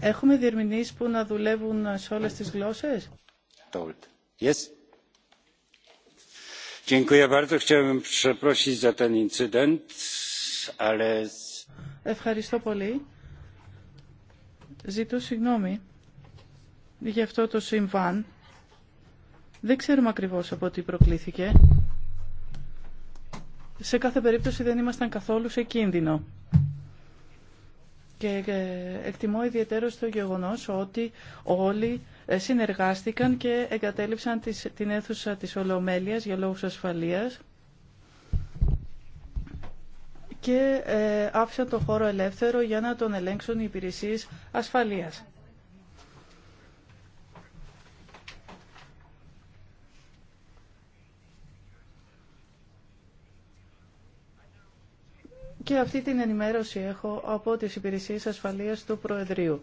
Έχουμε διερμηνείς που να δουλεύουν σε όλες τις γλώσσες. Ευχαριστώ πολύ. Ζητώ συγγνώμη για αυτό το συμβάν. Δεν ξέρουμε ακριβώς από τι προκλήθηκε. Σε κάθε περίπτωση δεν ήμασταν καθόλου σε κίνδυνο. Και ε, εκτιμώ ιδιαίτερο το γεγονός ότι όλοι ε, συνεργάστηκαν και εγκατέλειψαν την αίθουσα της Ολομέλειας για λόγους ασφαλείας και ε, άφησαν το χώρο ελεύθερο για να τον ελέγξουν οι υπηρεσίες ασφαλείας. Και αυτή την ενημέρωση έχω από τις υπηρεσίες ασφαλείας του Προεδρείου.